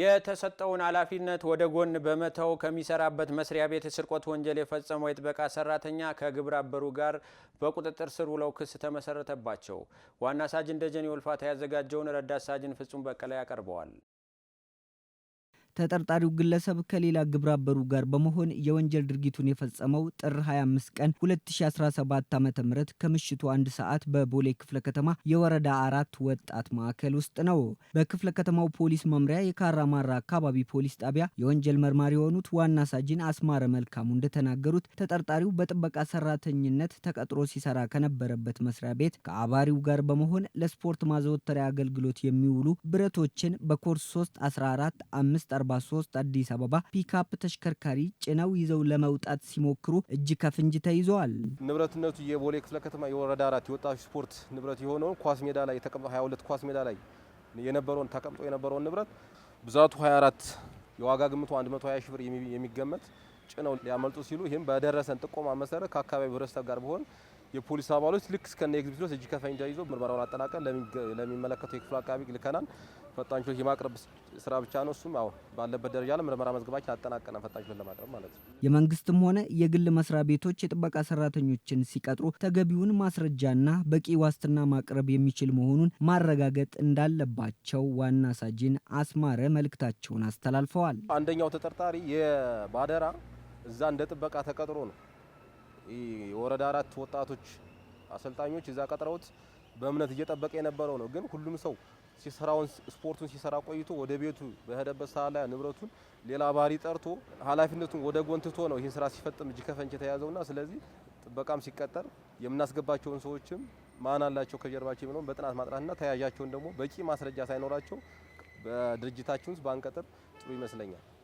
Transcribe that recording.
የተሰጠውን ኃላፊነት ወደ ጎን በመተው ከሚሰራበት መስሪያ ቤት ስርቆት ወንጀል የፈጸመው የጥበቃ ሰራተኛ ከግብረ አበሩ ጋር በቁጥጥር ስር ውለው ክስ ተመሰረተባቸው። ዋና ሳጅን ደጀኔ ወልፋታ ያዘጋጀውን ረዳት ሳጅን ፍጹም በቀለ ያቀርበዋል። ተጠርጣሪው ግለሰብ ከሌላ ግብረ ጋር በመሆን የወንጀል ድርጊቱን የፈጸመው ጥር 25 ቀን 2017 ዓ.ም ከምሽቱ አንድ ሰዓት በቦሌ ክፍለ ከተማ የወረዳ አራት ወጣት ማዕከል ውስጥ ነው። በክፍለ ከተማው ፖሊስ መምሪያ የካራማራ አካባቢ ፖሊስ ጣቢያ የወንጀል መርማሪ የሆኑት ዋና ሳጅን አስማረ መልካሙ እንደተናገሩት ተጠርጣሪው በጥበቃ ሰራተኝነት ተቀጥሮ ሲሰራ ከነበረበት መስሪያ ቤት ከአባሪው ጋር በመሆን ለስፖርት ማዘወተሪያ አገልግሎት የሚውሉ ብረቶችን በኮርስ 3 14 43 አዲስ አበባ ፒካፕ ተሽከርካሪ ጭነው ይዘው ለመውጣት ሲሞክሩ እጅ ከፍንጅ ተይዘዋል። ንብረትነቱ የቦሌ ክፍለ ከተማ የወረዳ አራት የወጣቶች ስፖርት ንብረት የሆነውን ኳስ ሜዳ ላይ 22 ኳስ ሜዳ ላይ የነበረውን ተቀምጦ የነበረውን ንብረት ብዛቱ 24 የዋጋ ግምቱ 120 ሺህ ብር የሚገመት ጭነው ሊያመልጡ ሲሉ ይህም በደረሰን ጥቆማ መሰረት ከአካባቢው ህብረተሰብ ጋር በሆን የፖሊስ አባሎች ልክ እስከነ ኤግዚቢሽኖች እጅ ከፈንጃ ይዞ ምርመራውን አጠናቀን ለሚመለከተው የክፍሉ አቃቢ ልከናል። ፈጣን ችሎት የማቅረብ ስራ ብቻ ነው። እሱም አሁን ባለበት ደረጃ ላይ ምርመራ መዝገባችን አጠናቀናል። ፈጣን ችሎት ለማቅረብ ማለት ነው። የመንግስትም ሆነ የግል መስሪያ ቤቶች የጥበቃ ሰራተኞችን ሲቀጥሩ ተገቢውን ማስረጃና በቂ ዋስትና ማቅረብ የሚችል መሆኑን ማረጋገጥ እንዳለባቸው ዋና ሳጅን አስማረ መልእክታቸውን አስተላልፈዋል። አንደኛው ተጠርጣሪ የባደራ እዛ እንደ ጥበቃ ተቀጥሮ ነው የወረዳ አራት ወጣቶች አሰልጣኞች እዛ ቀጥረውት በእምነት እየጠበቀ የነበረው ነው። ግን ሁሉም ሰው ሲሰራውን ስፖርቱን ሲሰራ ቆይቶ ወደ ቤቱ በሄደበት ሰዓት ላይ ንብረቱን ሌላ ባህሪ ጠርቶ ኃላፊነቱን ወደ ጎን ትቶ ነው ይህን ስራ ሲፈጥም እጅ ከፈንጅ የተያዘውና ስለዚህ ጥበቃም ሲቀጠር የምናስገባቸውን ሰዎችም ማን አላቸው ከጀርባቸው የሚለውን በጥናት ማጥራትና ተያያዣቸውን ደግሞ በቂ ማስረጃ ሳይኖራቸው በድርጅታችን ውስጥ ባንቀጥር ጥሩ ይመስለኛል።